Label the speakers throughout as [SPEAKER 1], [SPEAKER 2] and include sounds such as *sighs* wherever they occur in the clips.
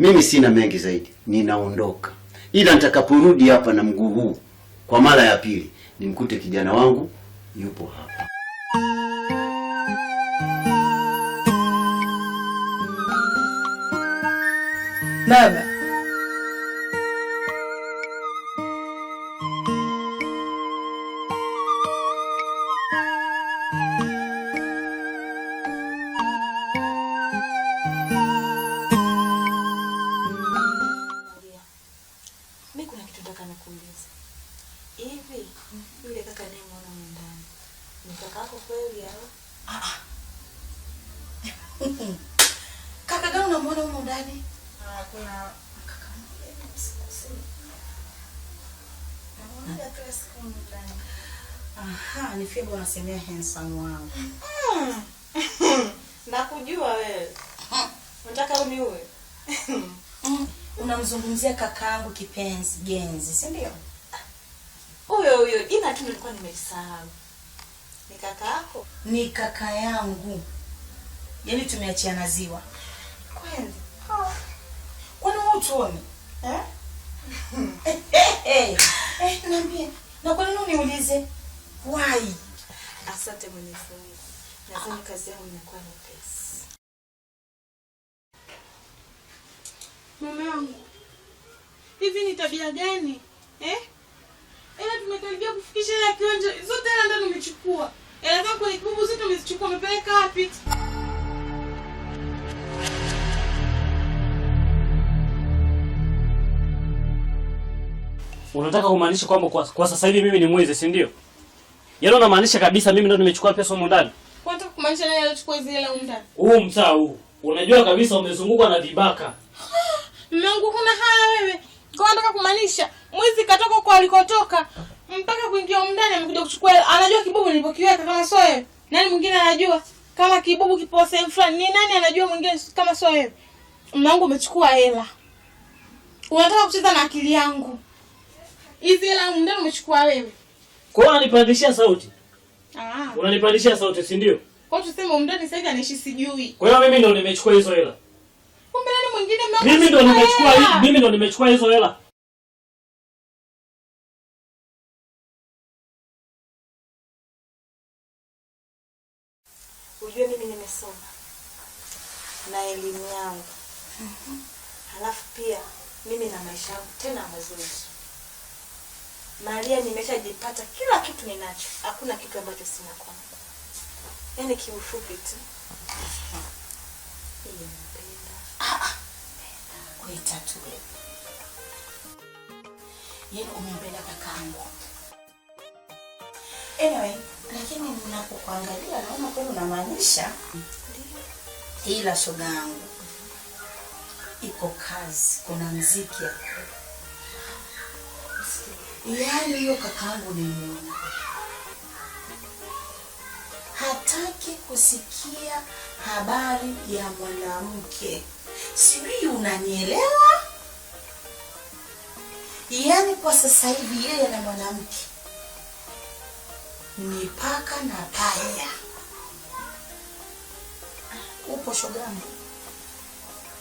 [SPEAKER 1] Mimi sina mengi zaidi, ninaondoka, ila nitakaporudi hapa na mguu huu kwa mara ya pili, nimkute kijana wangu yupo hapa. Baba.
[SPEAKER 2] kuna kitu nataka nikuulize. Hivi yule kaka naye muona mwandani ni kaka yako kweli au?
[SPEAKER 3] Ah, ah. *laughs* kaka gani unamwona huko ndani?
[SPEAKER 2] Ah, kuna kaka
[SPEAKER 3] Aha, ni Fibo anasemea handsome wangu.
[SPEAKER 2] *laughs* Nakujua wewe. Hmm. Unataka uniue?
[SPEAKER 3] Hmm unamzungumzia kakaangu kipenzi Genzi, si ndio?
[SPEAKER 2] Huyo huyo jina tu nilikuwa nimesahau. Ni kaka yako?
[SPEAKER 3] Ni kaka yangu, yaani tumeachiana ziwa.
[SPEAKER 2] Kweli? Oh.
[SPEAKER 3] Kwani wewe utuoni
[SPEAKER 2] eh? Eh,
[SPEAKER 3] *laughs* eh, *laughs* eh, niambie na kwa nini uniulize? Why?
[SPEAKER 2] Asante mwenyezi mungu nadhani kazi yangu inakuwa ni
[SPEAKER 4] Mume wangu, hivi ni tabia gani eh? Ela tumekaribia kufikisha ya kionjo zote, hela ndani umechukua hela zako kwenye kibubu zote umezichukua, umepeleka wapi?
[SPEAKER 5] Unataka kumaanisha kwamba kwa, kwa sasa hivi mimi ni mwizi, si ndio? Yaani unamaanisha kabisa mimi ndo nimechukua pesa huko ndani?
[SPEAKER 4] Kwa nini kumaanisha nani alichukua hizo hela huko ndani?
[SPEAKER 5] Huu mtaa huu. Unajua kabisa umezungukwa na vibaka.
[SPEAKER 4] Mungu kuna haya wewe. Kwa nataka kumaanisha mwizi katoka kwa alikotoka mpaka kuingia ndani amekuja kuchukua anajua kibubu nilipokiweka kama sio wewe. Nani mwingine anajua kama kibubu kipo sehemu fulani? Ni nani anajua mwingine kama sio wewe? Mungu umechukua hela. Unataka kucheza na akili yangu. Hizi hela mume umechukua wewe.
[SPEAKER 5] Kwa hiyo ananipandishia sauti. Ah. Unanipandishia sauti si ndio?
[SPEAKER 4] Kwa hiyo tuseme mume sasa hivi anaishi sijui.
[SPEAKER 5] Kwa hiyo mimi ndio nimechukua hizo hela mimi ndo nimechukua mimi ndo nimechukua hizo hela.
[SPEAKER 2] Ujue mimi nimesoma na elimu yangu, halafu mhm. pia mimi na maisha yangu tena mazuri. Maria, nimeshajipata kila kitu ninacho, hakuna kitu ambacho sina kwangu. Yaani kiufupi tu, mimi mhm kuitatue. Yaani umembela kakaangu.
[SPEAKER 3] Anyway, lakini ninapokuangalia naona kweli unamaanisha ila shoga yangu iko kazi, kuna mziki yaani hiyo kakaangu nimona hataki kusikia habari ya mwanamke sijui unanielewa? Yaani kwa sasa hivi yeye na mwanamke ni paka na paya Upo shogangu,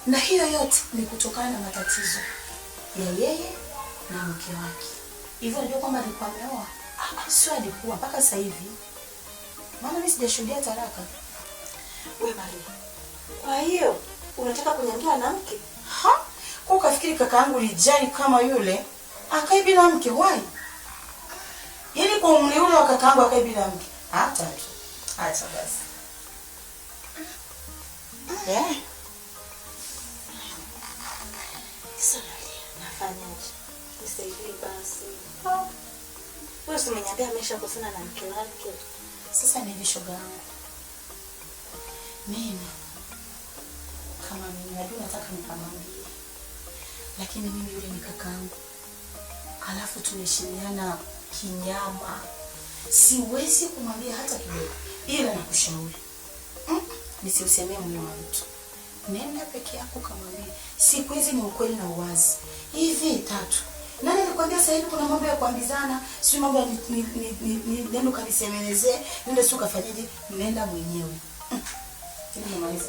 [SPEAKER 3] na hiyo yote ni kutokana na matatizo ya yeye na mke wake. Hivyo ndio kwamba alikuwa ameoa? Ah, sio, alikuwa mpaka sasa hivi, maana mimi sijashuhudia taraka.
[SPEAKER 2] Wewe Maria, kwa hiyo Unataka kunyambia na mke?
[SPEAKER 3] Ha? Kwa ukafikiri kaka yangu lijani kama yule akai bila mke wai? Yaani kwa umri ule wa kaka yangu akai bila mke. Hata tu. Acha basi. Eh?
[SPEAKER 2] Sasa umeniambia ameshakosana na mke wake.
[SPEAKER 3] Sasa ni vishoga yangu. Mimi kama mimi, najua nataka ni kama mimi, lakini mimi yule ni kakaangu, alafu tunaheshimiana kinyama, siwezi kumwambia hata kidogo, ila nakushauri mm, nisiusemee mume wa mtu. Nenda peke yako, kama mimi. siku hizi ni ukweli na uwazi. Hivi tatu nani alikwambia sasa hivi kuna mambo ya kuambizana, si mambo ya nenda ukanisemelezee, nenda si ukafanyaje? Nenda mwenyewe. Nimemaliza.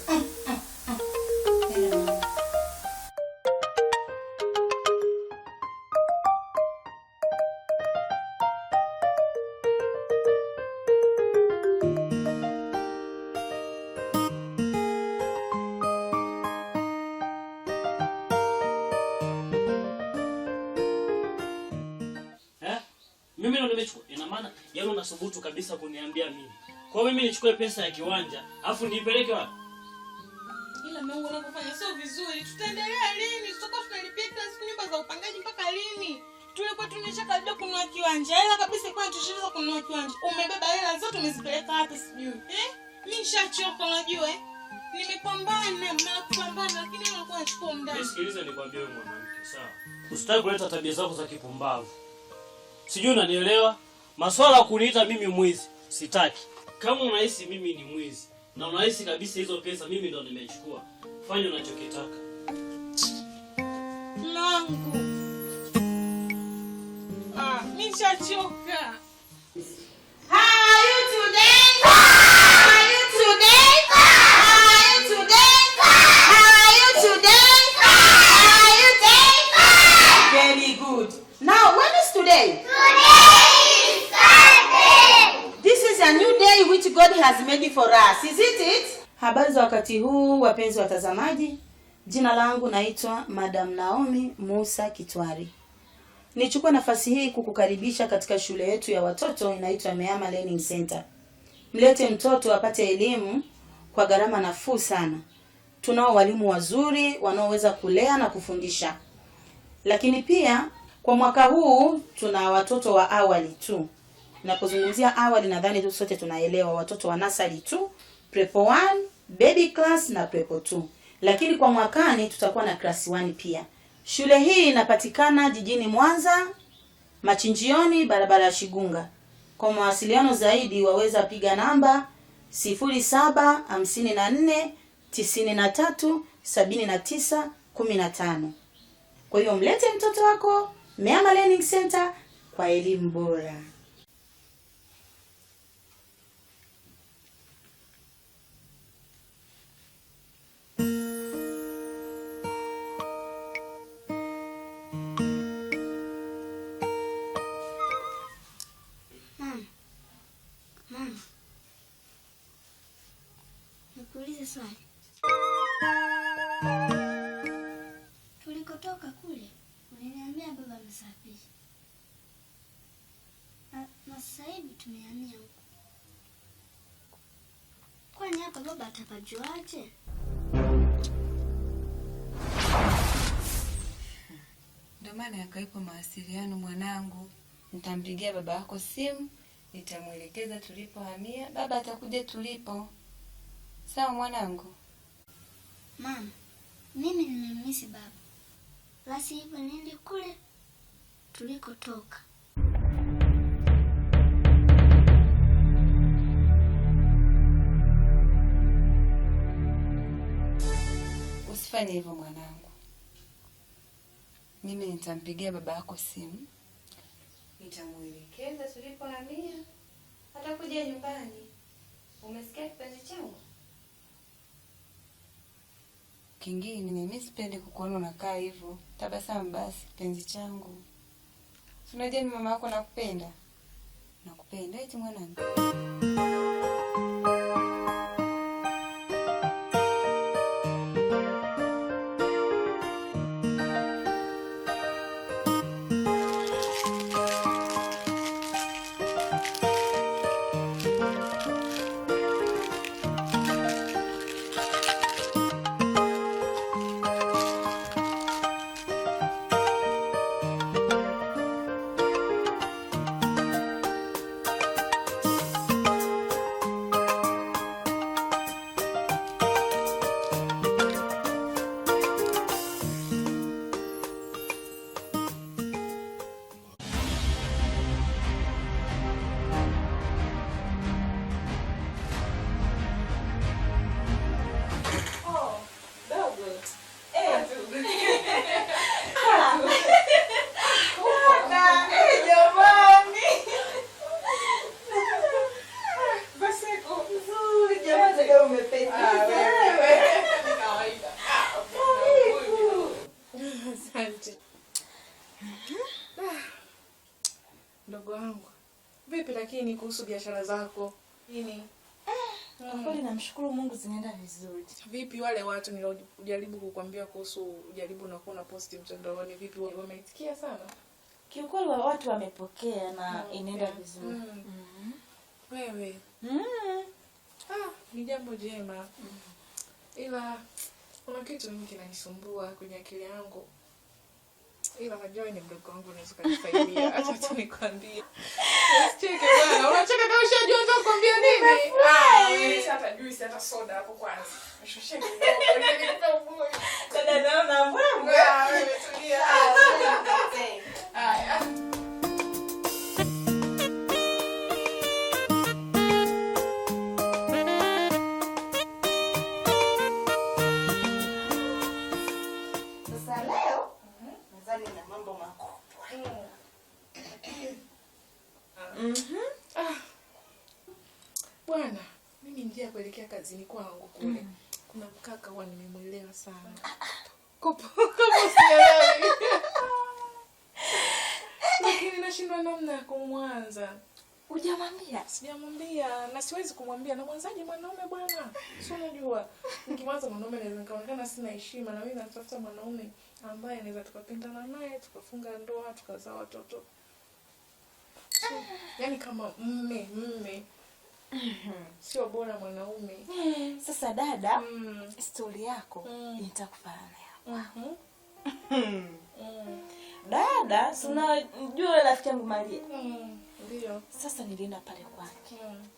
[SPEAKER 5] subutu kabisa kuniambia mimi. Kwa mimi nichukue pesa ya kiwanja, afu niipeleke wapi?
[SPEAKER 4] Ila Mungu anakufanya sio vizuri. Tutaendelea lini? Tutakuwa tunalipia kila siku nyumba za upangaji mpaka lini? Tulikuwa tunaisha kabla kununua kiwanja. Hela kabisa kwa tushiriza kununua kiwanja. Umebeba hela zote umezipeleka wapi sijui. Eh? Mimi nishachoka unajua eh? Nimepambana, mnapambana lakini wewe unakuwa unachukua muda.
[SPEAKER 5] Nisikilize nikwambie mwanamke, sawa? Usitaki kuleta tabia zako za kipumbavu. Sijui unanielewa? Maswala ya kuniita mimi mwizi sitaki. Kama unahisi mimi ni mwizi na unahisi kabisa hizo pesa mimi ndo nimechukua, fanya unachokitaka.
[SPEAKER 4] Langu. Ah, mimi nishachoka.
[SPEAKER 6] How you today? for us, is it it?
[SPEAKER 7] Habari za wakati huu wapenzi watazamaji, jina langu naitwa Madam Naomi Musa Kitwari. Nichukua nafasi hii kukukaribisha katika shule yetu ya watoto inaitwa Meama Learning Center. Mlete mtoto apate elimu kwa gharama nafuu sana. Tunao walimu wazuri wanaoweza kulea na kufundisha, lakini pia kwa mwaka huu tuna watoto wa awali tu. Ninapozungumzia awali, nadhani tu sote tunaelewa watoto wa nasari tu, prep 1, baby class na prep 2, lakini kwa mwakani tutakuwa na class 1 pia. Shule hii inapatikana jijini Mwanza, Machinjioni, barabara ya Shigunga. Kwa mawasiliano zaidi waweza piga namba 0754 93 Kwa hiyo mlete mtoto wako Meama Learning Center kwa elimu bora.
[SPEAKER 8] Utapajuaje?
[SPEAKER 9] Ndio maana yakawepo mawasiliano, mwanangu. Nitampigia baba yako simu, nitamwelekeza tulipohamia. Baba atakuja tulipo. Sawa mwanangu?
[SPEAKER 8] Mama, mimi nimemisi baba, basi hivyo niende kule tulikotoka.
[SPEAKER 9] Usifanye hivyo mwanangu, mimi nitampigia baba yako simu,
[SPEAKER 8] nitamuelekeza tulipohamia, atakuja nyumbani. Umesikia kipenzi changu?
[SPEAKER 9] Kingine mimi sipendi kukuona unakaa hivyo. Tabasamu basi penzi changu, unajua mama yako nakupenda, nakupenda eti mwanangu
[SPEAKER 10] Asante *sighs* ndogo wangu. Vipi lakini kuhusu biashara zako
[SPEAKER 9] nini? Ah, kwa kweli namshukuru Mungu zinaenda vizuri.
[SPEAKER 10] Vipi wale watu niliojaribu kukwambia kuhusu ujaribu na kuona posti mtandaoni, vipi wameitikia sana?
[SPEAKER 9] Kiukweli wa watu wamepokea na okay, inaenda vizuri. Mm. Mm.
[SPEAKER 10] Wewe. Mm. Ah, ni jambo jema. Mm. Ila kuna kitu mimi kinanisumbua kwenye akili yangu ila najua ni mdogo wangu, unaweza kunisaidia. *laughs* Acha tu nikwambie, usicheke bwana. Unacheka kama ushajua nitakwambia nini. Ah, wewe sasa hata juice hata soda hapo kwanza, *laughs* ushoshe kidogo, nikupe ubuni dada, naona hapo namna ya kumwanza.
[SPEAKER 11] Hujamwambia?
[SPEAKER 10] Sijamwambia na siwezi kumwambia. Na mwanaume bwana? Sio unajua. Nikimwanza mwanaume naweza nikaonekana sina heshima na mimi natafuta mwanaume ambaye anaweza tukapendana naye, tukafunga ndoa, tukazaa watoto. yani kama mme mme sio bora mwanaume.
[SPEAKER 11] Mm, sasa dada, mm. stori yako mm. nitakufanana hapo. Mm-hmm. *laughs* Mm -hmm. mm dada, si unajua yule rafiki yangu Maria. Hmm. Ndio. Sasa nilienda pale kwake. Hmm.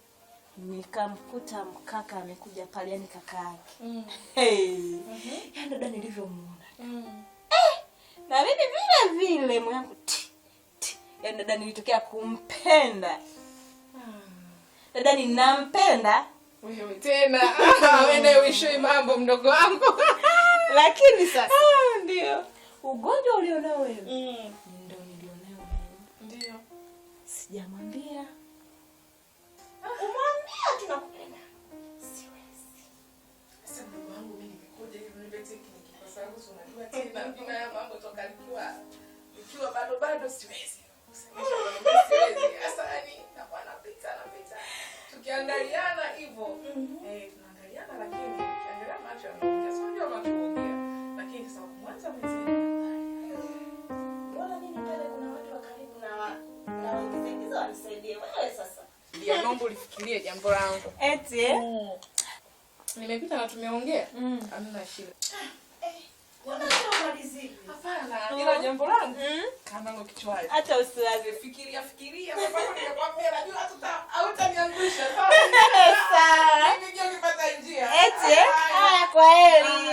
[SPEAKER 11] Nikamkuta mkaka amekuja pale, yani kaka yake. Mm. Hey. Mm -hmm. Yaani dada nilivyomuona. Hmm. Eh, na mimi vile vile moyo wangu ti ti. Yaani dada nilitokea kumpenda. Mm. Dada ninampenda.
[SPEAKER 10] tena *laughs* wewe uishoi mambo mdogo wangu.
[SPEAKER 11] *laughs* Lakini ah, sasa. Ah, ndio ugonjwa ulionao wewe mm. ndio nilionao mimi ndio sijamwambia umwambia tunakupenda siwezi
[SPEAKER 10] sasa ndugu wangu mimi nimekuja hivi nimetiki kwa sababu unajua tena bila *laughs* ya mambo toka nikiwa nikiwa bado bado siwezi kukuambia, naomba ulifikirie jambo langu.
[SPEAKER 11] Eti mm.
[SPEAKER 10] Nimepita na tumeongea mm. Hamna shida
[SPEAKER 11] eh, eh,
[SPEAKER 10] hapana, ila jambo langu mm. ngo kichwani,
[SPEAKER 11] hata usiwaze,
[SPEAKER 10] fikiria fikiria, sababu *laughs* ninakwambia, najua hata hautaniangusha *laughs* sawa.
[SPEAKER 11] Sawa,
[SPEAKER 10] nimejua njia.
[SPEAKER 11] Eti haya, kwaheri.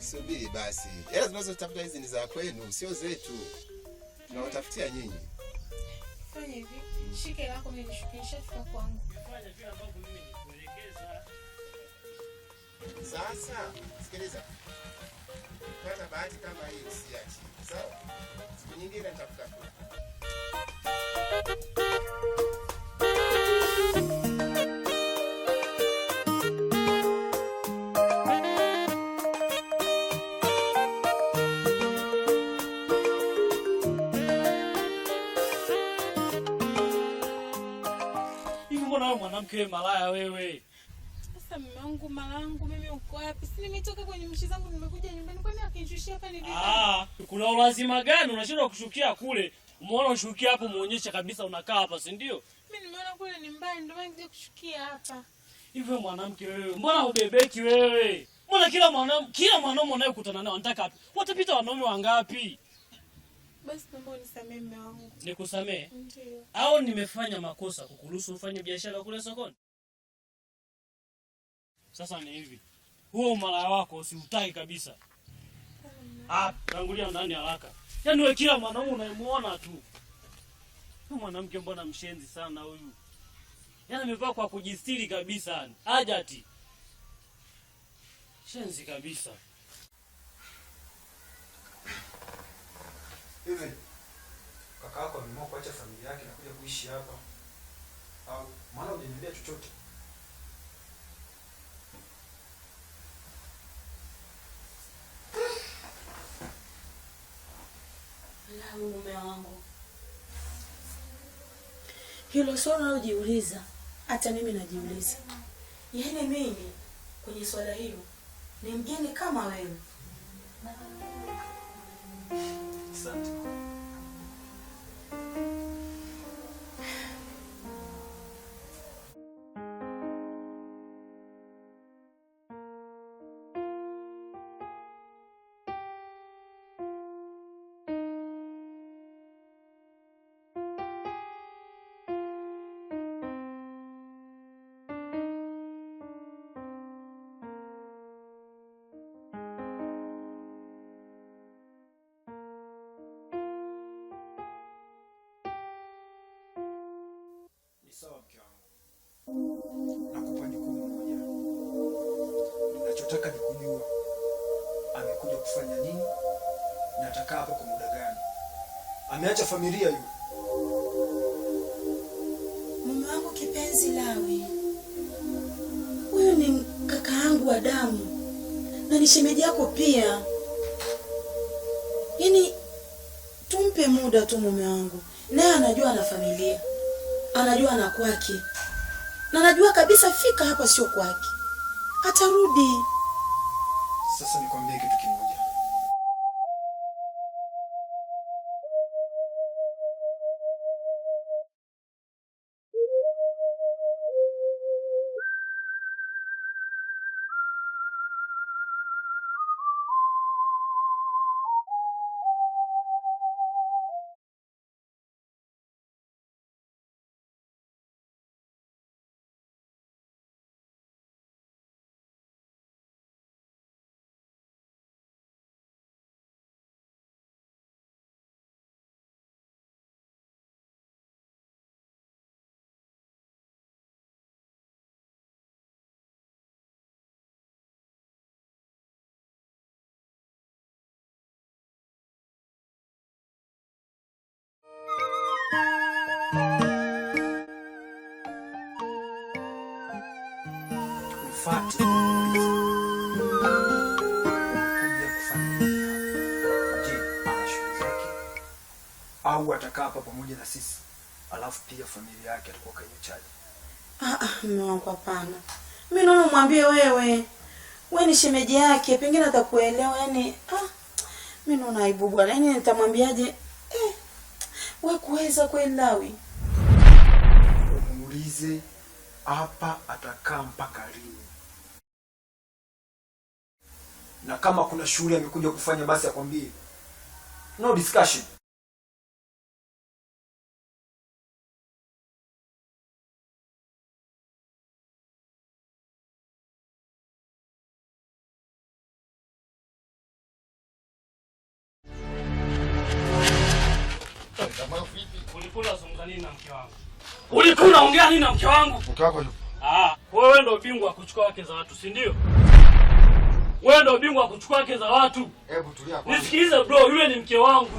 [SPEAKER 12] Subiri basi, hela zinazotafuta hizi ni za kwenu, sio zetu, tunawatafutia nyinyi. Sasa sikiliza, pata bahati kama hii sawa? Siku nyingine
[SPEAKER 5] mbona wewe mwanamke malaya wewe?
[SPEAKER 13] Sasa mume wangu malangu mimi uko wapi? Si nimetoka kwenye mshi zangu nimekuja nyumbani kwani akinishushia hapa ni vipi?
[SPEAKER 5] Ah, kuna ulazima gani unashindwa kushukia kule? Umeona ushukia hapo muonyesha kabisa unakaa hapa si ndio?
[SPEAKER 13] Mimi nimeona kule ni mbaya, ndio maana nje kushukia hapa.
[SPEAKER 5] Hivyo mwanamke wewe, mbona ubebeki wewe? Mbona kila mwanamke kila mwanamume unayokutana naye anataka wapi? Watapita wanaume wangapi? Nikusamee? Au nimefanya makosa kukuruhusu ufanye biashara kule sokoni? Sasa ni hivi, huo umalaya wako usiutaki kabisa. Ah, tangulia ndani haraka. Yaani wewe kila mwanaume unayemuona tu. Huyu mwanamke mbona mshenzi sana huyu? Yaani amevaa kwa kujistiri kabisa. Ajati. Shenzi kabisa.
[SPEAKER 14] hivi kaka yako ameamua kuacha familia yake na kuja kuishi hapa, au maana hujaniambia chochote?
[SPEAKER 11] Mume wangu, hilo swala unalojiuliza hata mimi najiuliza. Yaani mimi kwenye swala hilo ni mgeni kama wewe.
[SPEAKER 15] sind.
[SPEAKER 14] Nakupa jukumu moja, ninachotaka ni kujua amekuja kufanya nini, nataka hapa kwa muda gani, ameacha familia hiyo.
[SPEAKER 11] Mume wangu kipenzi, Lawi, huyu ni kaka yangu wa damu na ni shemeji yako pia. Yaani tumpe muda tu mume wangu, naye anajua ana familia, anajua ana kwake na najua kabisa fika hapa sio kwake, atarudi.
[SPEAKER 14] Sasa nikwambie kitu kimoja au atakaa hapa pamoja na sisi, alafu pia familia yake atakuwa kaichaji?
[SPEAKER 11] Ah, mume ah, hapana. Mimi naona mwambie wewe, we ni shemeji yake, pengine atakuelewa. Yani ah, mimi naona aibu bwana, yani nitamwambiaje? we kuweza kwenda
[SPEAKER 14] Muulize hapa atakaa mpaka lini, na kama kuna shughuli amekuja kufanya basi akwambie no discussion. Ulikula zungumza nini na mke wangu? Ulikula unaongea nini na mke wangu? Mke wako yupo. Ah, wewe ndio bingwa kuchukua wake za watu, si ndio? Wewe ndio bingwa kuchukua wake za watu. Hebu tulia kwanza. Nisikilize bro, yule ni mke wangu.